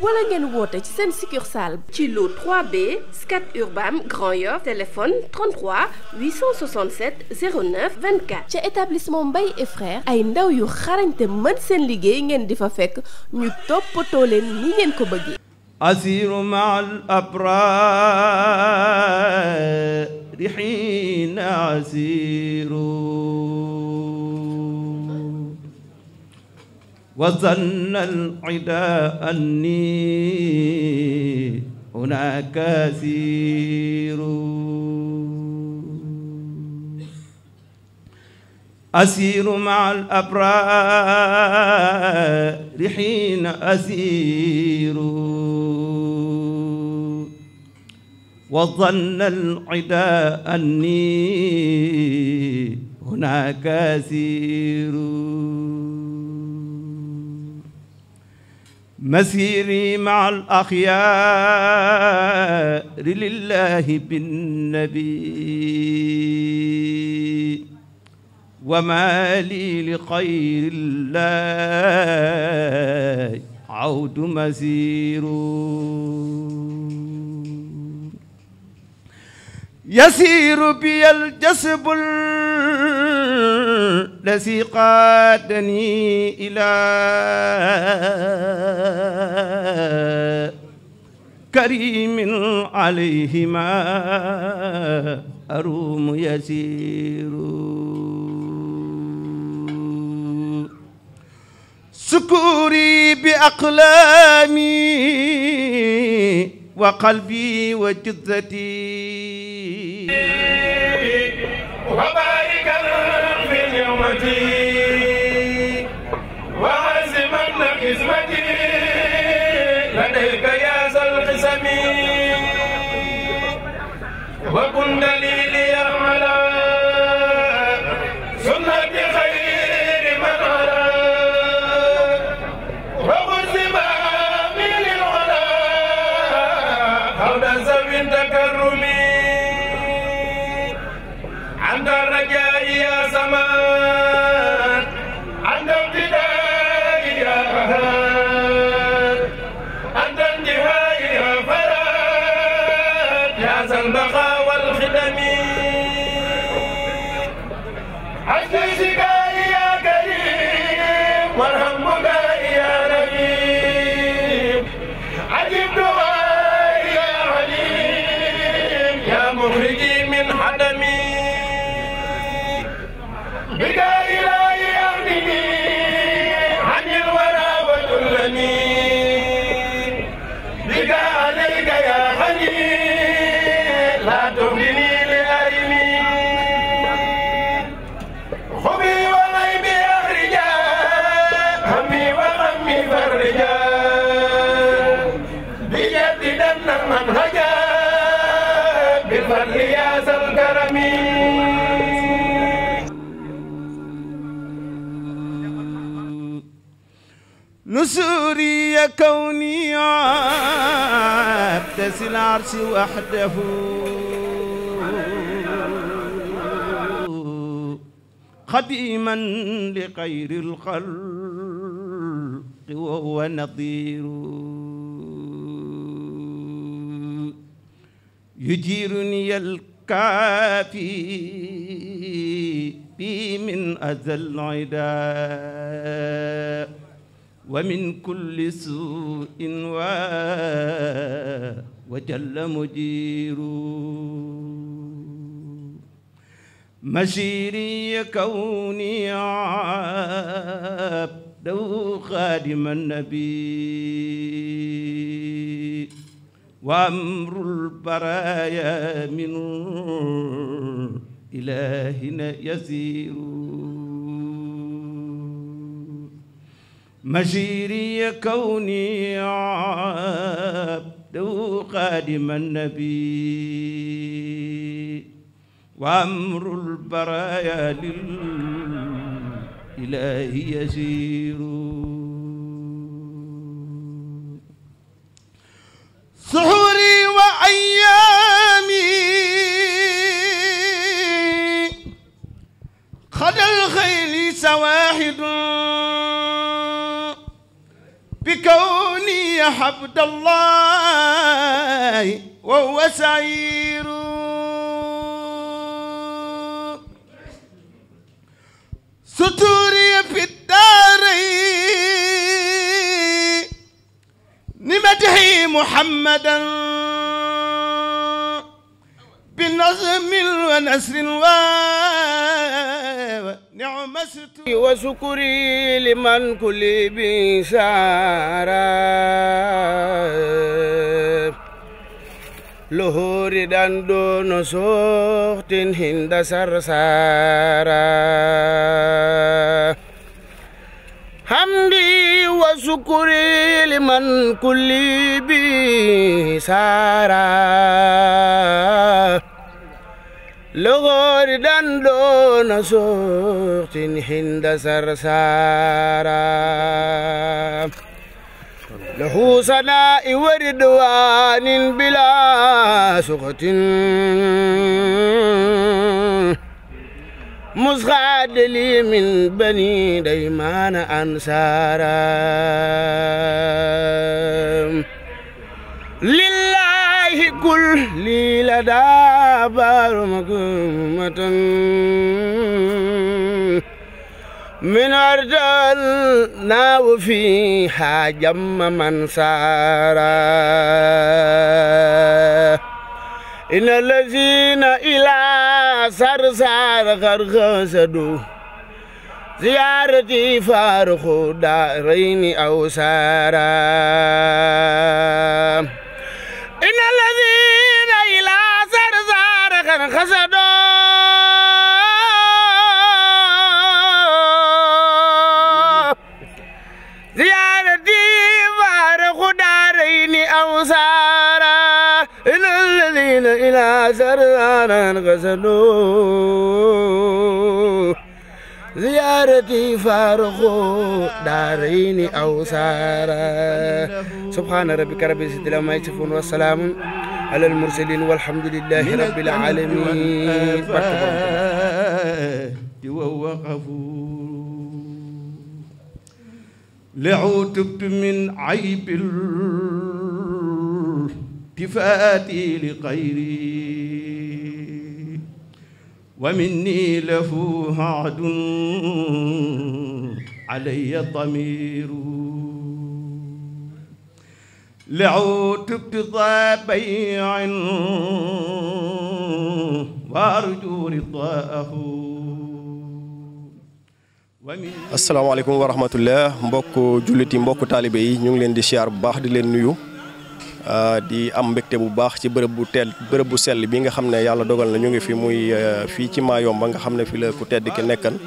wala ngeen woote ci seen succursale ci lu 3B Scat Urbam Grand Yoff téléphone 33 867 09 24 ca établissement Mbaye et frères ay ndaw yu xarañte mën seen liggéey ngeen di fa fekk ñu toppatoo leen ni ngeen ko bëggee asiru ma al abraar hiina asir وظن العدا أني هنا كثير أسير مع الأبرار حين أسير وظن العدا أني هنا كثير مسيري مع الأخيار لله بالنبي وما لي لخير الله عود مسير يسير بي الجسب الذي قادني إلى كريم عليهما أروم يسير سكوري بأقلامي وقلبي وجذتي همتي وعزما قسمتي لديك يا ذا القسم وكن لي Luis كوني عبتس العرش وحده خديما لغير الخلق وهو نظير يجيرني الكافي بي من أذى العداء wa min kulli suin wa wa jalla mujiru masiri kawni abdahu xaadima nabi wa amrul baraya min ilahina yasiru مسيري كوني عبده خادم النبي وأمر البرايا للإله يسير سحوري وأيامي خد الخيل سواحد بكوني عبد الله وهو سعير ستوري في الدارين لمدحي محمدا بنظم ونسر و وشكري لمن كل بشارة له ردا دون سخط هند سرسارة حمدي وشكري لمن كل بشارة لغور دندون سوخت هند سرسارا له صناء وردوان بلا سخط مسخاد لي من بني ديمان أنصارا إليه كل لدى بار مكومة من أرجلنا وفيها جم من سارا إن الذين إلى سرسار غرغسدوا زيارتي فارخوا دارين أو سارا قصدوا زيارتي فارق دارين أوسارا إن الذين إلى سرارا قصدوا زيارتي فارق دارين أوسارا subhaana rabbika rabbil izzati ammaa yasifuun wa salaamun alal mursaliin walhamdulillaahi rabbil aalamiin لعو تبت من عيب التفاتي لغيري ومني له عد علي ضمير لعوت ابتضاء بيع mbokk jullit mbokk taalibe yi ñu ngi leen di siyaar bu baax di leen nuyu ah, di am mbégte bu baax ci bërëb bu teel bërëb bu sell bi nga xam ne yàlla dogal na ñu ngi fi muy eh, fii ci Mayumba nga xam ne fi la ku tedd ki nekkan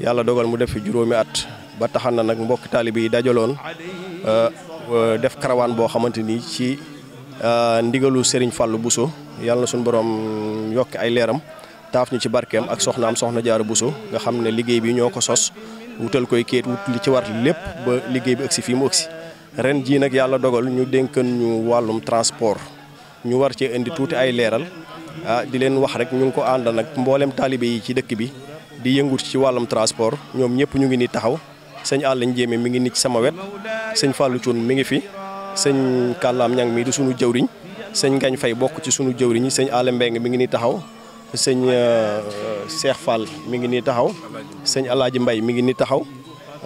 yàlla dogal mu def fi juróomi at ba taxan na nag mbokk taalibe yi dajaloon ah, Euh, def karawaan boo xamante ni ci euh, ndigalu Serigne Fallou Bousso yàlla na suñu borom yokk ay leeram taaf ñu ci barkeem ak soxnaam soxna Diarra Bousso nga xam ne liggéey bi ñoo ko sos wutal koy kéet wut ci war lépp ba liggéey bi si fii mu si ren jii nag yàlla dogal ñu dénkan ñu wàllum transport ñu war cee indi tuuti ay leeral ah di leen wax rek ñu ngi ko àndal nag mboolem taalibe yi ci dëkk bi di yëngut ci wàllum transport ñoom ñëpp ñu ngi ni taxaw sëñ Alla mi ngi ni ci sëñ Fallou Thioune mi ngi fi sëñ Kàllaam Ñang mii di sunu jëwriñ sëñ Ngañ Fay bokk ci sunu jëwriñ yi sëñ Aale Mbeng mi ngi nii taxaw sëñ euh, Cheikh Fall mi ngi nii taxaw sëñ Alaaji Mbay mi ngi ni taxaw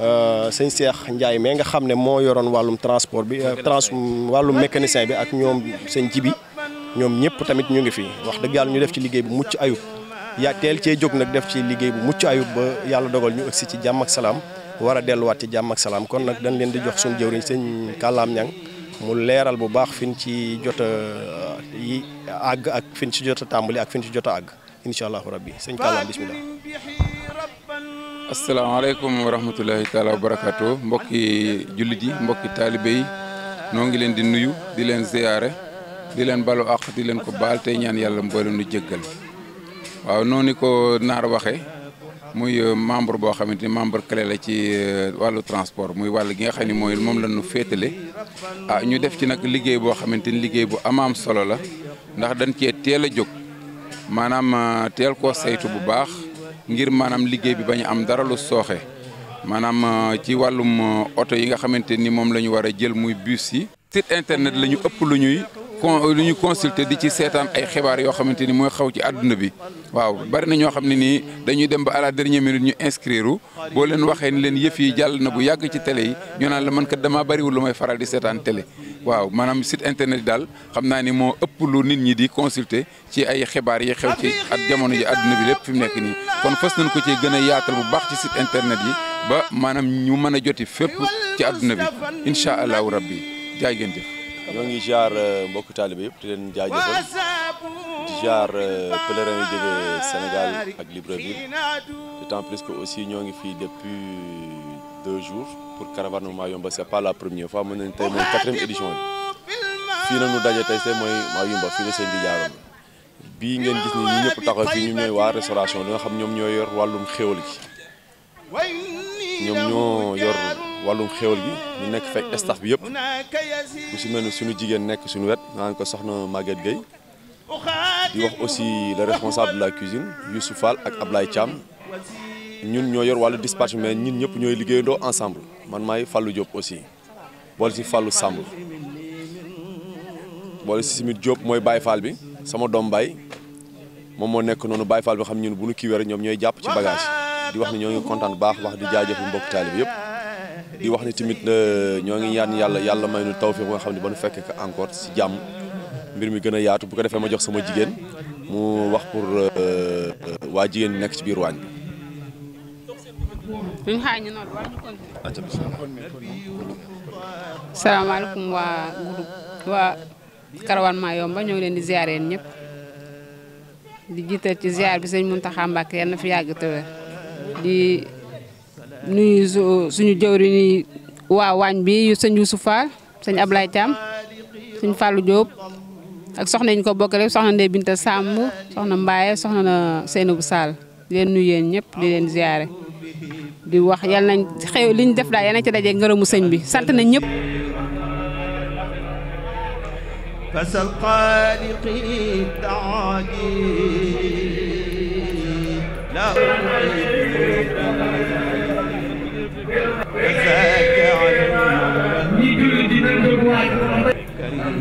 euh, sëñ Cheikh Ndiaye mais nga xam ne moo yoroon wàllum transport bi euh, trans wàllum mécanicien bi ak ñoom sëñ Jibi ñoom ñëpp tamit ñu ngi fi wax dëgg yàlla ñu def ci liggéey bu mucc ayub yaa teel cee jóg nag def ci liggéey bu mucc ayub ba yàlla dogal ñu agsi ci jàmm ak salaam war delluwaat ci jàmm ak salaam kon nag dañ leen di jox suñu jëwriñ sëñ kàllaam ñang mu leeral bu baax fin ci jot a àgg ak fin ci jot a ak fin ci jot àgg incha allahu rabbi sëñ kàllaam bismillah asalaamaaleykum wa rahmatulahi taala wa barakaatu mbokki jullit yi mbokki taalibe yi noo ngi leen di nuyu di leen ziyaare di leen balu àq di leen ko baal tey ñaan yàlla mboolem nu jéggal waaw noonu ko naar waxe muy euh, membre boo xamante ni membre clé la ci euh, wàllu transport muy wàll gi nga xam ne mooy moom la ñu féetale ah ñu def ci nag liggéey boo xamante ni liggéey bu amaam solo la ndax dañ cee teel a jóg maanaam euh, teel ko saytu bu baax ngir maanaam liggéey bi ba ñu am dara lu sooxe maanaam ci wàllum oto yi nga xamante ni moom la ñu war a jël muy bus yi. site internet la ñu ëpp lu ñuy. con lu ñu consulter di ci seetaan ay xibaar yoo xamante ni mooy xaw ci àdduna bi waaw bari na ñoo xam ne nii dañuy dem ba à la dernière ñu inscrire boo leen waxee ni leen yëf yi jàll na bu yàgg ci tele yi ñu naan la mën kat damaa bariwul lu may faral di seetaan télé. waaw maanaam site internet daal xam naa ni moo ëpp lu nit ñi di consulter ci ay xibaar yi xew ci ak jamono ji àdduna bi lépp fi mu nekk nii kon fas nañ ko ci gën a yaatal bu baax ci site internet yi ba maanaam ñu mën a joti fépp ci àdduna bi incha allahu rabbi jaay ngeen jëf ñoo ngi jaar euh, mbokku taalibe yëpp di leen jaajëfal di jaar euh, pèlerin yi jóge Sénégal ak Libreville d'autant plus que aussi ñoo ngi fii depuis deux jours pour caravane bu Mayumba c'est pas la première fois mën nañ tey mooy quatrième édition bi na ñu daje tey tey mooy Mayumba fii la seen di jaaroon bii ngeen gis ni ñu ñëpp taxaw fii ñu ñooy waa restauration li nga xam ñoom ñoo yor wàllum xéwal gi ñoom ñoo yor wàllum xéwal gi ñu nekk fekk staff bi yëpp bu si mel ni suñu jigéen nekk suñu wet ngi ko soxna Maguette Gueye di wax aussi le responsable de la cuisine Youssou Fall ak Ablaye Thiam ñun ñoo yor wàllu dispatch mais ñun ñëpp ñooy liggéeyandoo ensemble man maay fallu Diop aussi boole si fallu Samb boole si simit Diop mooy baay Fall bi sama doom Baye moom moo nekk noonu Baye Fall bi xam ñun bu ñu kii wér ñoom ñooy jàpp ci bagage di wax ne ñoo ngi kontaan bu baax wax di jaajëfu mbokk taalibi yëpp di wax ni tamit euh, ñoo ngi ñaan yàlla yàlla may nu tawfiq nga xam ne ba nu fekk encore si jàmm mbir mi gën a yaatu bu ko defee ma jox sama jigéen mu wax pour euh, euh, waa jigéen ñi nekk ci biir waañ bi. salaamaaleykum waa groupe waa Karawane Mayumba ñoo leen di ziare ñëpp di jiital ci ziar bi sëñ Mountakha Mbacké yal na fi yàgg te nuyu suñu jëwriñ waa waañ bi yu sëñ Youssouf Fall sëñ Ablaye Thiam sëñ Fallou ak soxna ñu ko bokk rek soxna Ndeye Binta Samb soxna Mbaye soxna Seynabou Sall saal leen nuyu yéen ñëpp di leen ziare di wax yal nañ xew liñ def daal yal nañ ci dajee ngërëmu sëñ bi sant nañ ñëpp.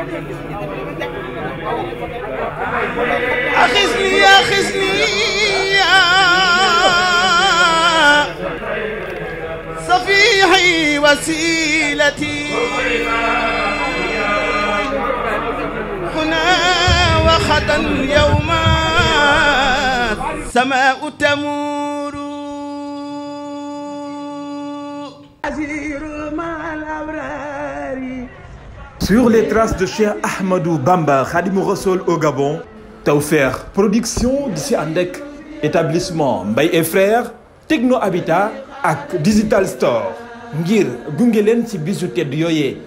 أخذني يا أخذني يا صفيحي وسيلتي هنا وخطا يوم السماء تمور أزير ما Sur les traces de Cheikh Ahmadou Bamba Khadimou Rassoul au Gabon Tawfekh Production di si ànd ak établissement Mbaye et Frères Techno Habitat ak Digital Store ngir gunge leen ci bisu tedd yooyee